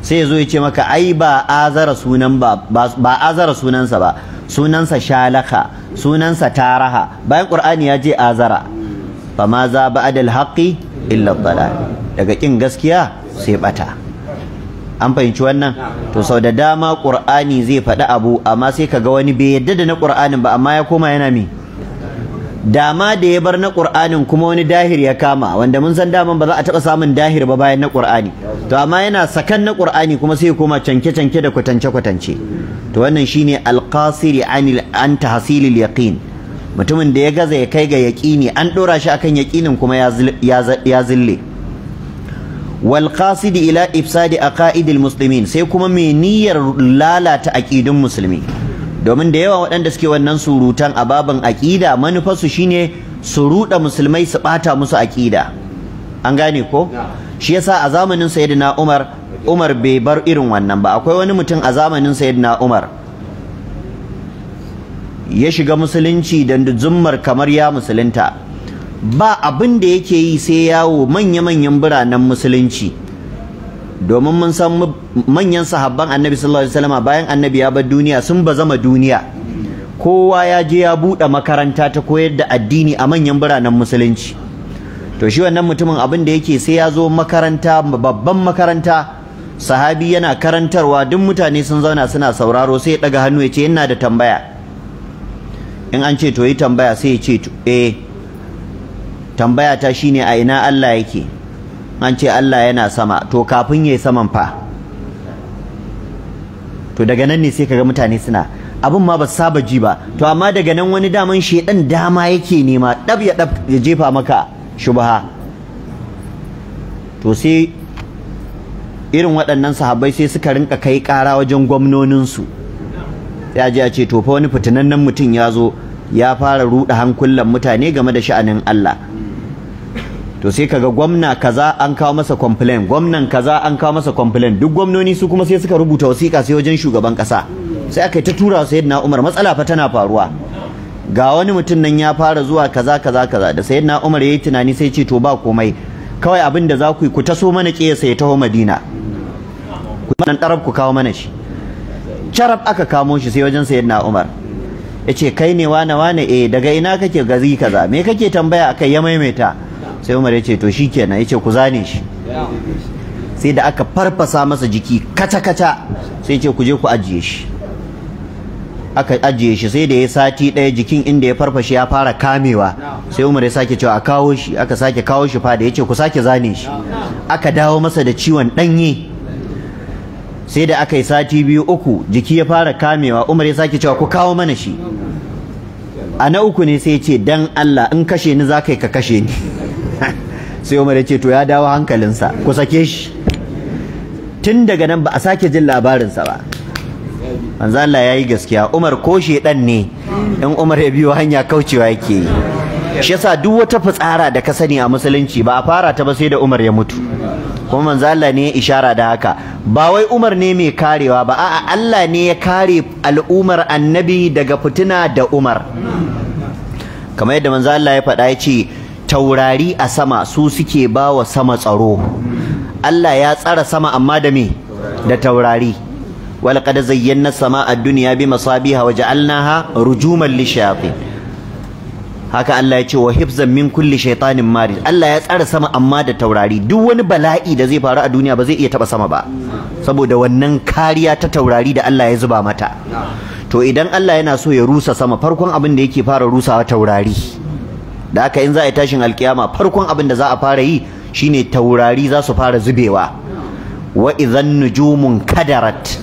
sai zo ya ce maka ai ba azara sunan ba azara sunansa ba sunansa shalaka sunansa taraha bayan qur'ani ya je azara fama za ba adal haqqi illa dalal daga kin gaskiya sai bata an fahimci wannan to sau da dama qur'ani zai faɗi abu amma sai kaga wani bai yadda da na qur'anin ba amma ya koma yana mi dama da ya bar na Qur'anin kuma wani dahir ya kama wanda mun san daman ba za a taba samun dahir ba bayan na Qur'ani to amma yana sakan na Qur'ani kuma sai ya koma canke canke da kwatance kwatance to wannan shine alqasiri anil an tahsilil yaqin mutumin da ya gaza ya kai ga yaqini an dora shi akan yaqinin kuma ya zille wal qasid ila ifsadi aqaidil muslimin sai kuma mai niyyar lalata aqidun musulmi domin da yawa waɗanda suke wannan surutan a aƙida, aqida manufarsu shine su musulmai su ɓata musu aqida an gane ko shi yasa a zamanin sayyidina Umar Umar bai bar irin wannan ba akwai wani mutum a zamanin Sayyidina Umar ya shiga musulunci da zumar kamar ya musulunta ba abin da yake yi sai yawo manya-manyan biranen musulunci domin mun san manyan sahabban Annabi sallallahu alaihi wasallam bayan Annabi ya bar duniya sun ba zama duniya kowa ya je ya buɗe makaranta ta koyar da addini a manyan biranen musulunci to shi wannan mutumin abin da yake sai ya zo makaranta babban makaranta sahabi yana karantarwa duk mutane sun zauna suna sauraro sai ya daga hannu ya ce yana da tambaya in an ce to yi tambaya sai ya ce eh tambaya ta shine a ina Allah yake an ce Allah yana sama to kafin yayi saman fa to daga nan ne sai kaga mutane suna abin ma ba saba ji ba to amma daga nan wani daman shedan dama yake nema dab ya dab ya jefa maka shubha to sai irin waɗannan sahabbai sai suka rinka kai ƙara wajen gwamnoninsu ya ji a ce to fa wani fitinannen mutum ya zo ya fara ruɗa hankulan mutane game da sha'anin Allah to sai kaga gwamna kaza an kawo masa complain gwamnan kaza an kawo masa complain duk gwamnoni su kuma sai suka rubuta wasiƙa sai wajen shugaban ƙasa sai aka yi ta tura sayyidina Umar matsala fa tana faruwa ga wani mutum nan ya fara zuwa kaza kaza kaza da sayyidina Umar yayi tunani sai ce to ba komai kawai abin da za ku yi ku taso mana ƙiyasa ya taho madina ku nan ɗarab ku kawo mana shi carab aka kamo shi sai wajen sayyidina umar ya ce kai ne wane wane eh daga ina kake gazi kaza me kake tambaya akai ya maimaita sai umar ya ce to shikenan ya ce ku zane shi sai da aka farfasa masa jiki kaca kaca sai ce ku je ku ajiye shi aka ajiye shi sai da ya sati ɗaya jikin inda ya farfashe ya fara kamewa sai Umar ya sake cewa a kawo shi aka sake kawo shi fa da yace ku sake zane shi aka dawo masa da ciwon ɗanye sai da aka yi sati biyu uku jiki ya fara kamewa Umar ya sake cewa ku kawo mana shi a na uku ne sai ya ce dan Allah in kashe ni zakai ka kashe ni sai Umar ya ce to ya dawo hankalinsa ku sake shi tun daga nan ba a sake jin labarinsa ba manzo Allah yayi gaskiya Umar ko shedan ne in Umar ya biyo hanya kaucewa yake shi yasa duk wata fitsara da ka sani a musulunci ba a fara ta ba sai da Umar ya mutu kuma manzo Allah ne ya ishara da haka ba wai Umar ne mai karewa ba a'a Allah ne ya kare al'umar annabi daga fitina da Umar kamar yadda manzo Allah ya faɗa yace taurari a sama su suke bawa sama tsaro Allah ya tsara sama amma da me da taurari ولقد زينا السماء الدنيا بمصابيها وجعلناها رجوما للشياطين haka Allah ya ce wa hifzan min kulli shaytanin marid Allah ya tsara sama amma da taurari duk wani bala'i da zai faru a duniya ba zai iya taba sama ba saboda wannan kariya ta taurari da Allah ya zuba mata to idan Allah yana so ya rusa sama farkon abin da yake fara rusawa taurari da haka in za a tashin alkiyama farkon abin da za a fara yi shine taurari za su fara zubewa wa idhan nujumun kadarat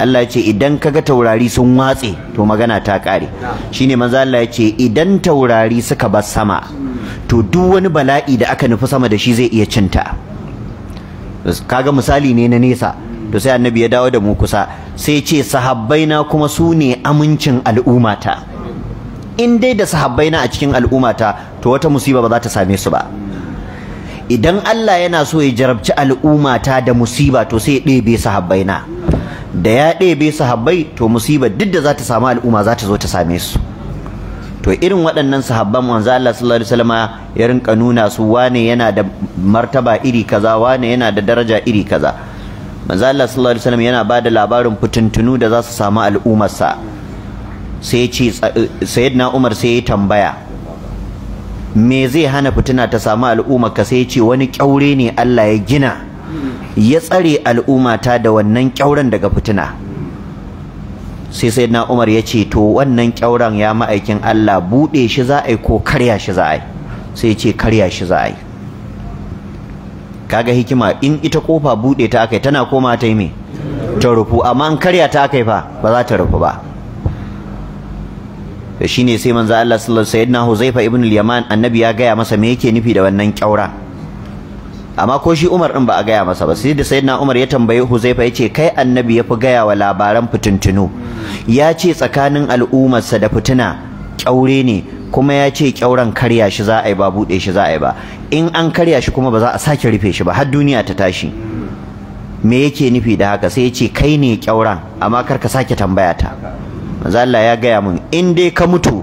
Allah ya ce idan kaga taurari sun watse to magana ta kare shine manzo Allah ya ce idan taurari suka bar sama to duk wani bala'i da aka nufi sama da shi zai iya cinta kaga misali ne na nesa to sai annabi ya dawo da mu kusa sai ce sahabbai na kuma su ne amincin al'ummata in dai da sahabbaina a cikin al'ummata to wata musiba ba za ta same su ba idan Allah yana so ya jarabci al'umma ta da musiba to sai ya ɗebe sahabbai na da ya ɗebe sahabbai to musiba duk da za ta samu al'umma za ta zo ta same su to irin waɗannan sahabban manzo Allah sallallahu alaihi ya rinka nuna su wane yana da martaba iri kaza wane yana da daraja iri kaza manzo Allah sallallahu alaihi wasallam yana bada labarin fitintunu da za su samu al'ummarsa. sai ya ce eh, sayyidina Umar sai ya tambaya me zai hana fituna ta samu al'umma ka sai ce wani kyaure ne Allah ya gina ya tsare al'umma da wannan kyauren daga fituna? sai sai Umar ya ce to wannan kyauren ya ma'aikin Allah bude shi za a yi ko karya shi za a yi sai ce karya shi za a yi kaga hikima in ita kofa bude ta akai tana koma ta yi me ta rufu amma in karya ta akai fa ba za ta rufu ba shine sai manzo Allah sallallahu alaihi wasallam Huzaifa ibn al-Yaman annabi ya gaya masa me yake nufi da wannan kyaura amma ko shi Umar din ba a gaya masa ba sai da sayyidina Umar ya tambaye Huzaifa yace kai annabi ya fi gaya wa labaran fitintunu ya ce tsakanin sa da fituna, kyaure ne kuma ya ce kyauran karya shi za a yi ba buɗe shi za a yi ba in an karya shi kuma ba za a sake rufe shi ba har duniya ta tashi me yake nufi da haka sai ya ce kai ne kyauran amma kar ka sake tambaya ta manzo Allah ya gaya mun, in dai ka mutu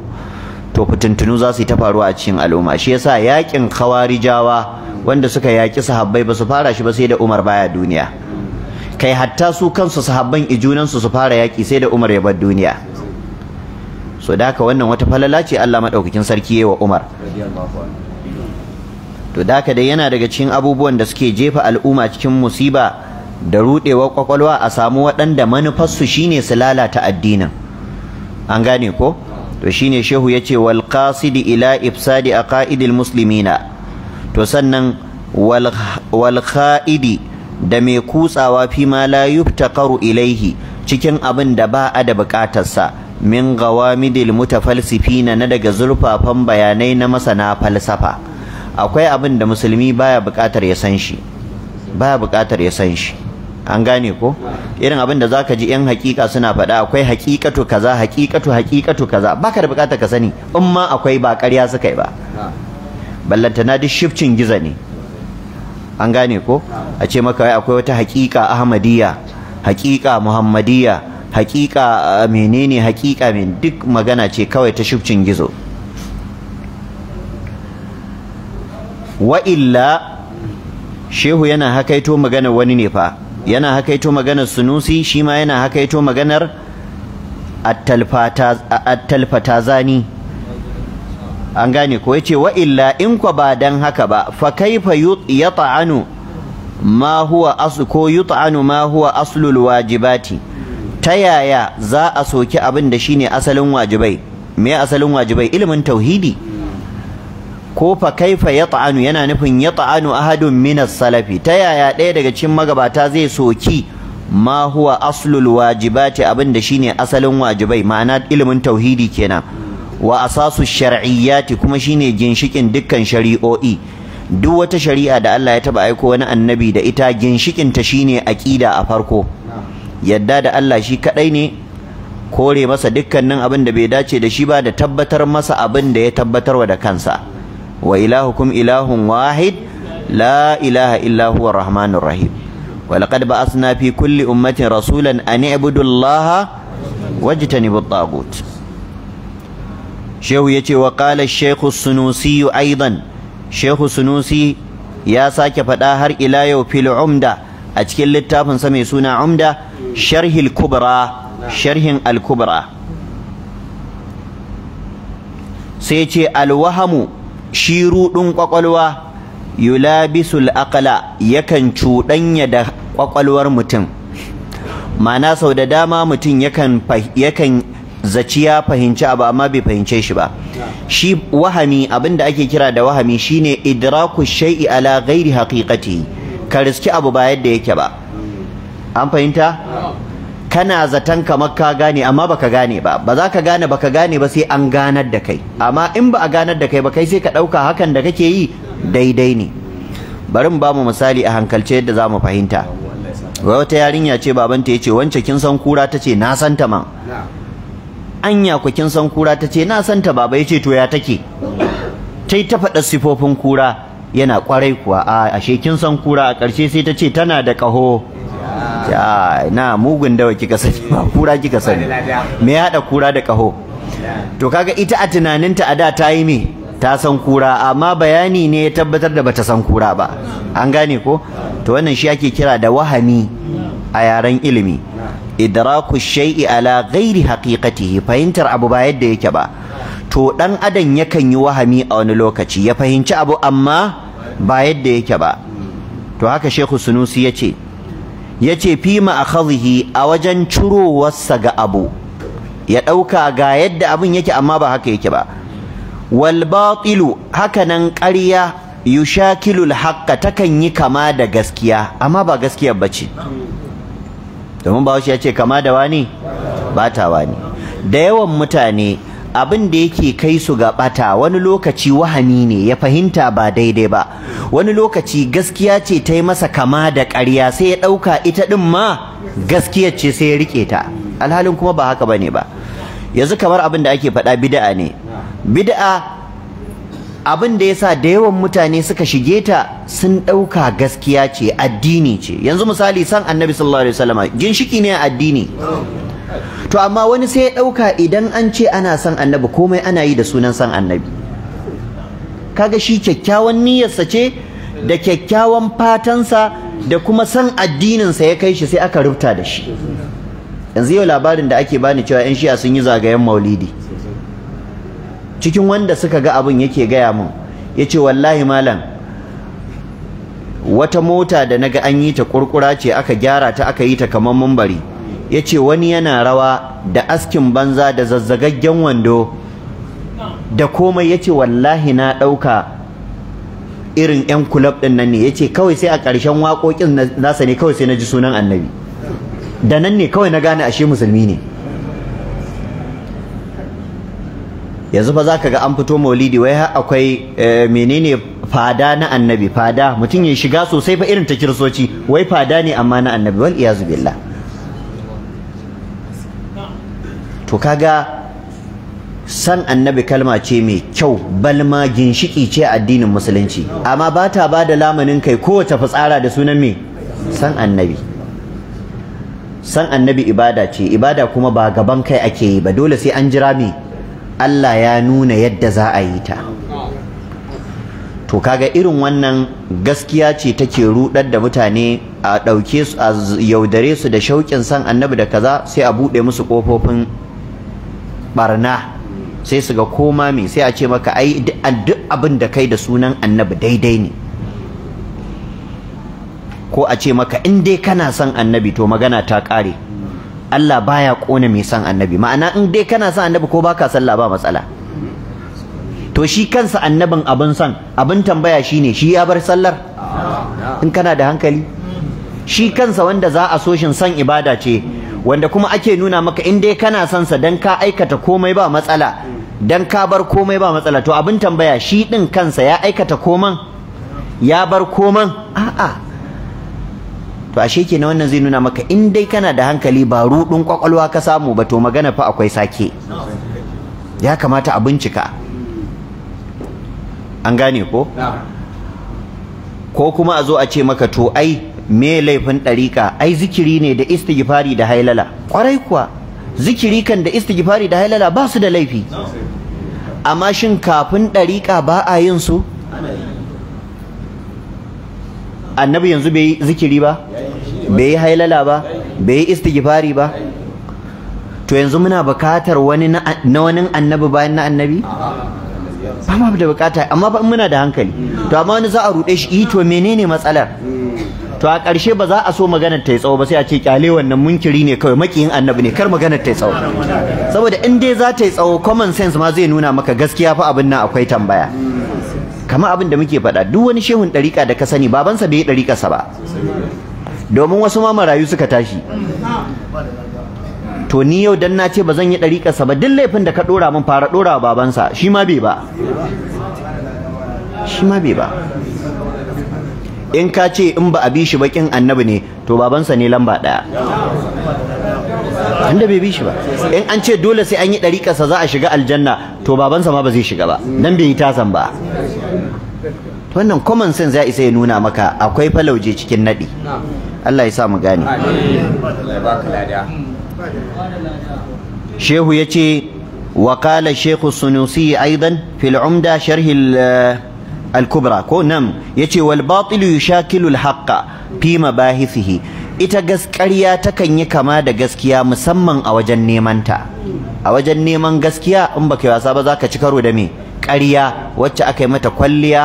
to fitintunu za su yi ta faruwa a cikin al'umma shi yasa yakin khawarijawa wanda suka yaki sahabbai ba su fara shi ba sai da Umar baya duniya kai hatta su kansu sahabban ijunan su su fara yaki sai da Umar ya bar duniya so da haka wannan wata falala ce Allah madaukakin sarki yayi wa Umar to da haka dai yana daga cikin abubuwan da suke jefa al'umma cikin musiba da rudewar kwakwalwa a samu waɗanda manufarsu shine su lalata addinin an gane ko to shine shehu yace wal qasid ila ifsadi aqaidil muslimina to sannan wal wal khaidi da mai kutsawa fi ma la yuftaqaru ilaihi cikin abin da ba a da bukatar sa min gawamidil mutafalsifina na daga zurfafan bayanai na masana falsafa akwai abin da musulmi baya bukatar ya san shi baya bukatar ya san shi an gane ko irin abin da zaka ji yan hakika suna faɗa akwai hakikatu kaza hakikatu hakikatu kaza baka da bukata ka sani in ma akwai ba ƙarya suka yi ba ballantana duk shifcin giza ne an gane ko a ce maka wai akwai wata hakika ahmadiyya hakika muhammadiyya hakika ah, menene hakika men duk magana ce kawai ta shifcin gizo wa illa shehu yana hakaito magana wani ne fa yana haka ito maganar sunusi shi ma yana haka ito maganar zani an gane ko yace wa illa in kwa ba dan haka ba fa kaifa yata'anu ma huwa aslu ko yut'anu ma huwa aslul wajibati ta yaya za a soki abin da shine asalin wajibai me asalin wajibai ilimin tauhidi ko fa ya yata'anu yana nufin yata'anu ahadun minas salafi ta yaya ɗaya daga cikin magabata zai soki ma huwa aslul wajibati abin da shine asalin wajibai ma'ana ilimin tauhidi kenan wa asasu shar'iyyati kuma shine ginshikin dukkan shari'o'i duk wata shari'a da Allah ya taba aiko wani annabi da ita ginshikin ta shine aqida a farko yadda da Allah shi kaɗai ne kore masa dukkanin abin da bai dace da shi ba da tabbatar masa abin da ya tabbatarwa da kansa wa ilahukum ilahun wahid la ilaha illa huwa rahmanur rahim wa laqad ba'athna fi kulli ummatin rasulan an i'budu allaha wajtanibut tagut shehu yace wa qala ash-shaykh as-sunusi aidan shehu sunusi ya sake faɗa har ila yau fil umda a cikin littafin sa mai suna umda sharhil kubra sharhin al kubra sai ce al wahamu shiru ɗin ƙwaƙwalwa yulabisul aqla yakan cuɗanya da ƙwaƙwalwar mutum ma'ana sau da dama mutum yakan zaci ya fahimci abu amma bai fahimce shi ba shi wahami da ake kira da wahami shine idraku shay'i ala ghairi haqiqati ka riski abu ba yadda yake ba an fahimta kana zaton kamar ka gane amma baka gane ba ba za ka gane baka gane ba sai an ganar da kai amma in ba a ganar da kai ba kai sai ka ɗauka hakan da kake yi daidai ne bari mu ba mu misali a hankalce yadda za mu fahimta wai wata yarinya ce babanta ya ce wance kin san kura ta ce na san ta man anya ku kin san kura ta ce na san baba ya ce to ya take tai ta faɗa sifofin kura yana kwarai kuwa a ashe kin san kura a ƙarshe sai ta ce tana da ƙaho na mugun dawa kika sani ba kura kika sani me ya haɗa kura da kaho? to kaga ita a tunaninta a da tayi yi me ta san kura amma bayani ne ya tabbatar da bata san kura ba an gane ko to wannan shi ake kira da wahami a yaren ilimi idraku shay'i ala ghairi haqiqatihi fahimtar abu ba yadda yake ba to dan adam yakan yi wahami a wani lokaci ya fahimci abu amma ba yadda yake ba to haka shekhu Sunusi ce. yace fi ma akhadhihi a wajen curowarsa ga abu ya dauka ga yadda abin yake amma ba haka yake ba wal batilu hakanan ƙarya yushakilu al haqqa takan yi kama da gaskiya amma ba gaskiyar bace domin ba shi yace kama da wani ba ta wani da yawan mutane abin da yake kai su ga bata wani lokaci wahani ne ya fahimta ba daidai ba wani lokaci gaskiya ce ta yi masa kama da ƙarya sai ya ɗauka ita ɗin ma gaskiyar ce sai ya riƙe ta alhalin kuma ba haka ba ne ba yanzu kamar abin da ake faɗa bida'a ne bida'a abin da ya sa da yawan mutane suka shige ta sun ɗauka gaskiya ce addini ce yanzu misali san annabi sallallahu alaihi wasallam ginshiki ne addini to amma wani sai ya ɗauka idan an ce ana son annabi komai ana yi da sunan son annabi kaga shi kyakkyawan niyyarsa ce da kyakkyawan fatansa da kuma san addininsa ya kai shi sai aka rubuta da shi yanzu yau labarin da ake bani cewa 'yan shi'a sun yi zagayen maulidi cikin wanda suka ga abin yake gaya mun ya ce wallahi malam wata mota da naga an yi ta kurkura ce aka gyara ta aka yi ta kamar mambari yace wani yana rawa da askin banza da zazzagaggen wando da komai yace wallahi na dauka irin yan kulab din nan ne yace kawai sai a ƙarshen waƙoƙin nasa ne kawai sai na ji sunan annabi da nan ne kawai na gane ashe musulmi ne yanzu fa zaka ga an fito maulidi wai akwai eh, menene fada na annabi fada mutum ya shiga sosai fa irin ta kirsoci wai fada ne amma na annabi wal iyazu billah to kaga san annabi kalma ce mai kyau balma ginshiki ce a addinin musulunci amma ba ta ba da lamanin kai kowace fitsara da sunan me san annabi san annabi ibada ce ibada kuma ba gaban kai ake yi ba dole sai an jira me Allah ya nuna yadda za a yi ta to kaga irin wannan gaskiya ce take rudar da mutane a dauke su a yaudare su da shauƙin san annabi da kaza sai a bude musu kofofin barna sai su ga koma me sai a ce maka ai duk abin da kai da sunan annabi daidai ne ko a ce maka in dai kana son annabi to magana ta kare Allah baya kona mai son annabi ma'ana in dai kana son annabi ko baka sallah ba matsala to shi kansa annabin abin son abin tambaya shine shi ya bar sallar in kana da hankali shi kansa wanda za a so son ibada ce wanda kuma ake nuna maka in dai kana son sa dan ka aikata komai ba matsala dan ka bar komai ba matsala to abin tambaya shi din kansa ya aikata koman ya bar koman a'a to ashe kenan wannan zai nuna maka in dai kana da hankali ba rudun kwakwalwa ka samu ba to magana fa akwai sake ya kamata a bincika an gane ko ko kuma a zo a ce maka to ai me laifin ɗariƙa ai zikiri ne da istighfari da hailala ƙwarai kuwa zikiri kan da istighfari da hailala ba su da laifi amma shin kafin ɗariƙa ba a yin su annabi yanzu bai yi zikiri ba bai yi hailala ba bai yi istighfari ba to yanzu muna bukatar wani na wani annabi bayan na annabi ba ma da bukata amma ba muna da hankali to amma wani za a ruɗe shi to menene matsalar to a ƙarshe ba za a so maganar ta yi tsawo ba sai a ce kyale wannan munkiri ne kawai makiyin annabi ne kar maganar ta yi tsawo saboda in dai za ta yi tsawo common sense ma zai nuna maka gaskiya fa abin nan akwai tambaya kama abin da muke faɗa duk wani shehun ɗariƙa da ka sani babansa bai yi ɗariƙarsa ba domin wasu ma marayu suka tashi to ni yau dan na ce ba zan yi ɗariƙarsa ba duk laifin da ka ɗora min fara ɗora wa babansa shi ma bai ba shi ma bai ba in ka ce in ba a bi shi bakin annabi ne to babansa ne lamba daya inda bai bi shi ba in an ce dole sai an yi ɗariƙarsa za a shiga aljanna to babansa ma ba zai shiga ba dan bai yi tasan ba wannan common sense ya isa ya nuna maka akwai falauje cikin naɗi Allah ya sa mu gane shehu ya ce wa qala shekhu sunusi aidan fil umda sharhi eh, al-kubra ko nam yace wal batil yushakilu al-haqqa fi mabahithihi ita gaskariya takan yi kama da gaskiya musamman a wajen neman ta a wajen neman gaskiya in baka wasa ba zaka ci karo da me kariya wacce aka yi mata kwalliya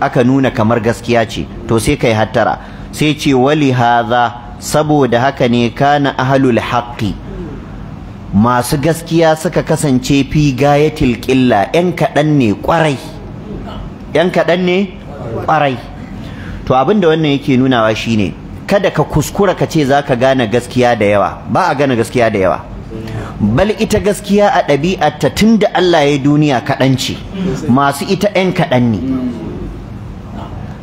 aka nuna kamar gaskiya ce to sai kai hattara sai ce wali hadha saboda haka ne kana ahlul haqqi masu gaskiya suka kasance fi gayatil qilla yan kaɗan ne kwarai yan kaɗan ne kwarai. to abin da wannan yake nunawa shine kada ka kuskura ka ce za ka gane gaskiya da yawa ba a gane gaskiya da yawa bal ita gaskiya a ɗabi'arta tun da Allah ya duniya kaɗan ce masu ita 'yan kaɗan ne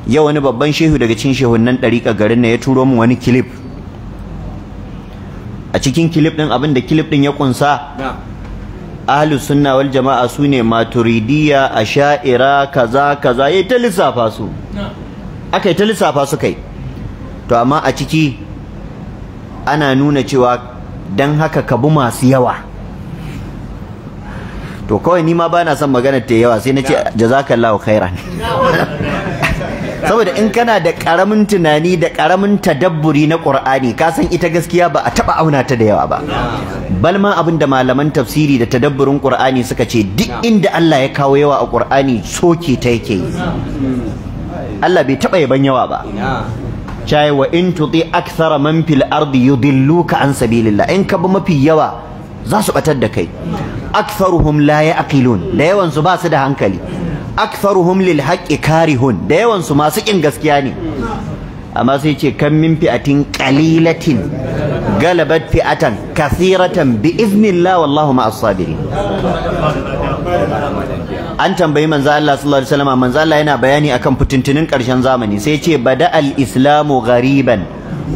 yau wani babban shehu daga cikin shehunnan ɗariƙa garin na ya turo mu wani kilif a cikin kilif ɗin abin da kilif ɗin ya kunsa? ahlu sunna wal jama'a sune ne maturidiyya asha'ira kaza kaza yayi ta lissafa su akai ta lissafa su kai to amma a ciki ana nuna cewa dan haka ka bi masu yawa to kawai ni ma bana son magana ta yawa sai na ce jazakallahu khairan saboda in kana da karamin tunani da karamin tadabburi na Qur'ani ka san ita gaskiya ba a taba auna ta da yawa ba balma abin da malaman tafsiri da tadabburin Qur'ani suka ce duk inda Allah ya kawo yawa a Qur'ani soke ta yake Allah bai taba yaban yawa ba chai wa in tuti akthara man fil ardi yudilluka an sabilillah in ka bi mafi yawa za su batar da kai aktharuhum la yaqilun da yawan su ba su da hankali aktharuhum lil haqqi karihun da yawan su masu kin gaskiya ne amma sai ce kan min fi'atin qalilatin galabat fi'atan kathiratan bi iznillah wallahu ma'as sabirin an tambayi manzo Allah sallallahu alaihi wasallam yana bayani akan fitintunin ƙarshen zamani sai ce bada al-islamu ghariban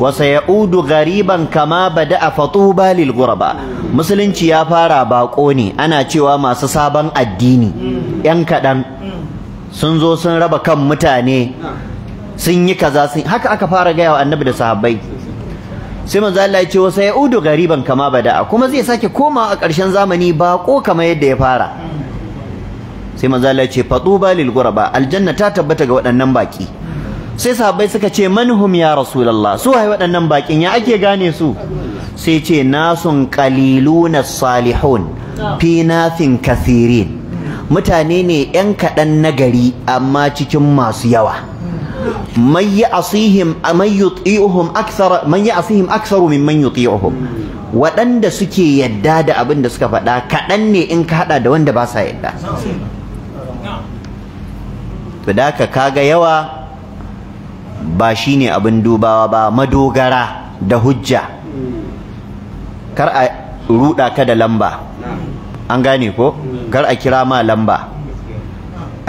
wa sayaudu ghariban kama bada fatuba lil ghuraba musulunci ya fara baƙo ne ana cewa masu sabon addini yan kaɗan. sun zo sun raba kan mutane sun yi kaza sun haka aka fara gaya wa annabi da sahabbai sai manzo Allah ya ce wa sai udu gariban kama bada'a kuma zai sake koma a ƙarshen zamani ba ko kamar yadda ya fara sai manzo Allah ya ce fatuba lil ghuraba aljanna ta tabbata ga waɗannan baki sai sahabbai suka ce manhum ya rasulullah su wai waɗannan bakin ya ake gane su sai ce nasun qaliluna salihun fi nafin kathirin mutane ne yan kaɗan nagari amma cikin masu yawa man ya'sihim man man waɗanda suke yadda da abin da suka faɗa kaɗan ne in ka haɗa da wanda ba sa yadda to da ka kaga yawa ba shi ne abin dubawa ba madogara da hujja kar a ruɗa ka da lamba an gane ko gar a kira ma lamba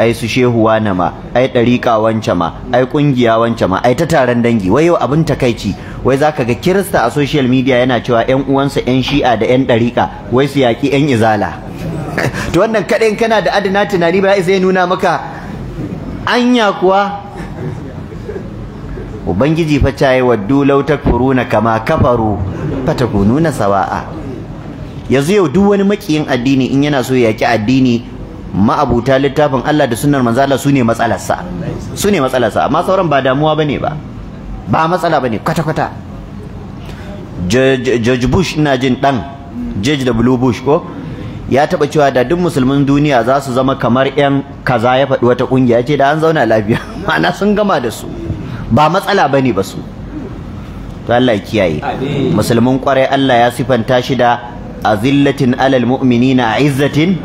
ai su shehu wane ma ai ɗariƙa wance ma ai ƙungiya wance ma ai ta taron dangi wai yau abin takaici wai zaka ga kirista a social media yana cewa 'yan uwansa 'yan shi'a da 'yan ɗariƙa wai su yaki 'yan izala to wannan kaɗai kana da adana tunani ba ya nuna maka anya kuwa ubangiji fa yi waddu law takfuruna kama kafaru fatakununa sawa'a yanzu yau duk wani makiyin addini in yana so ya yaki addini ma'abuta littafin Allah da sunnar manzo Allah sune sa sune sa amma sauran ba damuwa bane ba ba matsala bane kwata kwata George Bush ina jin dan George W Bush ko ya taba cewa da duk musulmin duniya za su zama kamar yan kaza ya faɗi wata kungiya ce da an zauna lafiya ma'ana sun gama da su ba matsala bane ba su to Allah ya kiyaye musulmin kwarai Allah ya sifanta shi da azillatin alal mu'minina izzatin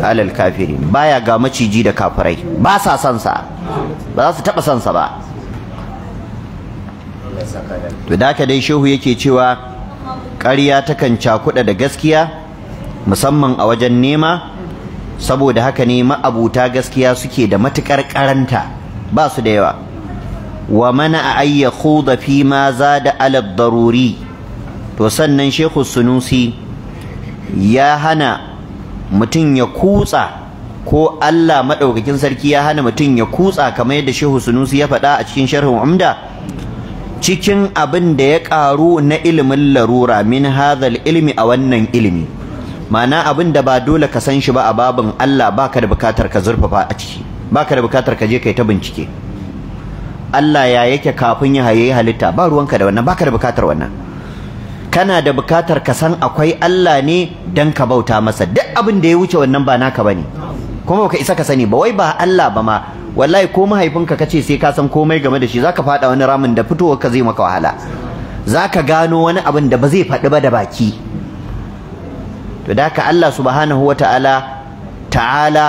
alal kafirin baya ga maciji da kafirai ba sa sonsa. sa ba za su taba san sa ba to da dai shehu yake cewa ƙarya takan cakuɗa da gaskiya musamman a wajen nema saboda haka ne ma'abuta gaskiya suke da matukar karanta ba su da yawa wa mana a ayya khuda fi ma zada ala daruri to sannan shehu sunusi ya hana mutum ya kutsa ko Allah madaukakin sarki ya hana mutum ya kutsa kamar yadda Shehu Sunusi ya faɗa a cikin sharhin Umda cikin abin da ya ƙaru na ilimin larura min hadhal ilmi a wannan ilimi ma'ana abin da ba dole ka san shi ba a babin Allah baka da bukatar ka zurfafa a ciki baka da bukatar ka je kai ta bincike Allah ya yake kafin ya haye halitta ba ruwanka da wannan baka da bukatar wannan kana da bukatar ka san akwai Allah ne dan ka bauta masa duk abin da ya wuce wannan ba naka bane kuma baka isa ka sani ba wai ba Allah ba ma wallahi ko mahaifinka kace sai ka san komai game da shi zaka fada wani ramin da fitowar ka zai maka wahala zaka gano wani abin da ba zai fadi ba da baki to daka Allah subhanahu wataala ta'ala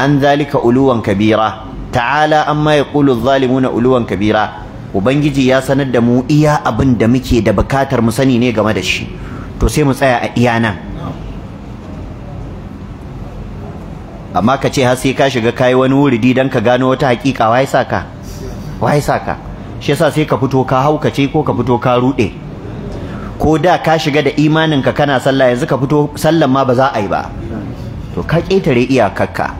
an zalika uluwan kabira ta'ala amma yaqulu adh-dhalimuna uluwan kabira ubangiji ya sanar da mu iya abin da muke da bukatar mu sani ne game da shi to sai mu tsaya a iya nan amma ka ce har sai ka shiga kai wani wuridi dan ka gano wata hakika wai saka wai saka shi yasa sai ka fito ka haukace ko ka fito ka rude ko da ka shiga da imanin ka kana sallah yanzu ka fito sallan ma ba za a yi ba to ka ketare iyakarka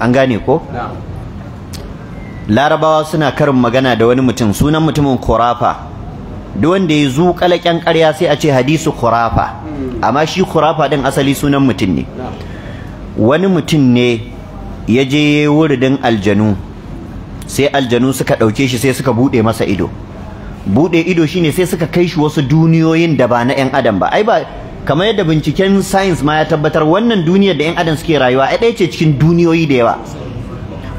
an gane ko na'am larabawa suna karin magana da wani mutum sunan mutumin kurafa duk wanda ya zu kalaken ƙarya sai a ce hadisu kurafa amma shi kurafa din asali sunan mutum ne wani mutum ne ya je wuridin aljanu sai aljanu suka ɗauke shi sai suka buɗe masa ido buɗe ido shi ne sai suka kai shi wasu duniyoyin da ba na 'yan adam ba ai ba kamar yadda binciken science ma ya tabbatar wannan duniyar da 'yan adam suke rayuwa ai ɗaya ce cikin duniyoyi da yawa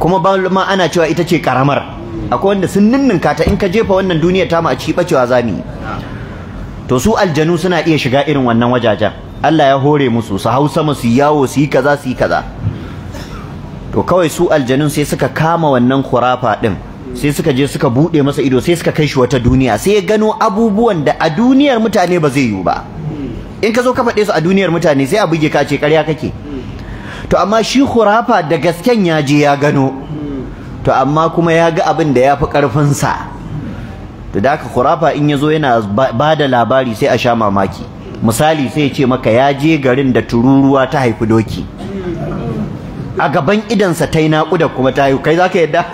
kuma ba ma ana cewa ita ce karamar akwai wanda sun ninninka ta in ka jefa wannan duniyar tamu a ciki bacewa zami to su aljanu suna iya shiga irin wannan wajajen Allah ya hore musu su hau sama yawo su yi kaza su yi kaza to kawai su aljanun sai suka kama wannan khurafa din sai suka je suka bude masa ido sai suka kai shi wata duniya sai ya gano abubuwan da a duniyar mutane ba zai yiwu ba in ka zo ka faɗe su a duniyar mutane sai a buge ka ce ƙarya kake to amma shi khurafa da gasken ya je ya gano to amma kuma ya ga abin da ya fi sa to da ka khurafa in yazo yana ba da labari sai a sha mamaki misali sai ya ce maka ya je garin da tururuwa ta haifi doki a gaban idansa ta yi naƙuda kuma ta haihu kai za ka yadda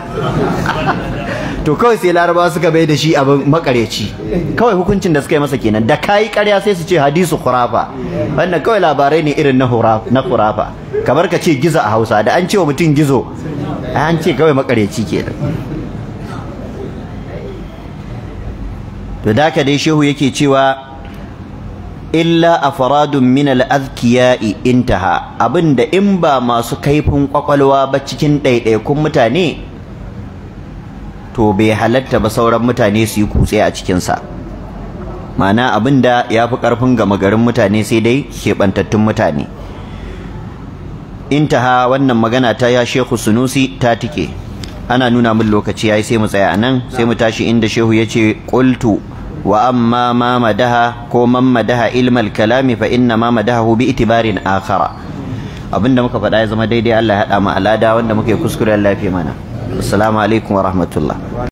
to kawai sai laraba suka bai da shi abin makareci kawai hukuncin da suka yi masa kenan da kayi karya sai su ce hadisu khurafa wannan kawai labarai ne irin na khurafa kamar ka ce gizo a Hausa da an ce wa mutum gizo an ce kawai makareci kenan to da ka dai shehu yake cewa illa afradun min al-azkiya'i intaha abinda in ba masu kaifin kwakwalwa ba cikin ɗaiɗaikun mutane to bai halatta ba sauran mutane su yi kutse a cikinsa ma'ana abinda da ya fi ƙarfin gama garin mutane sai dai keɓantattun mutane intaha wannan magana ta ya shehu sunusi ta tike ana nuna min lokaci yayi sai mu tsaya anan sai mu tashi inda shehu yace qultu wa amma ma madaha ko man madaha ilmal kalami fa inna ma madaha bi itibarin akhara abinda muka faɗa ya zama daidai Allah ya haɗa mu alada wanda muke kuskure Allah ya fi mana assalamu alaikum wa rahmatullah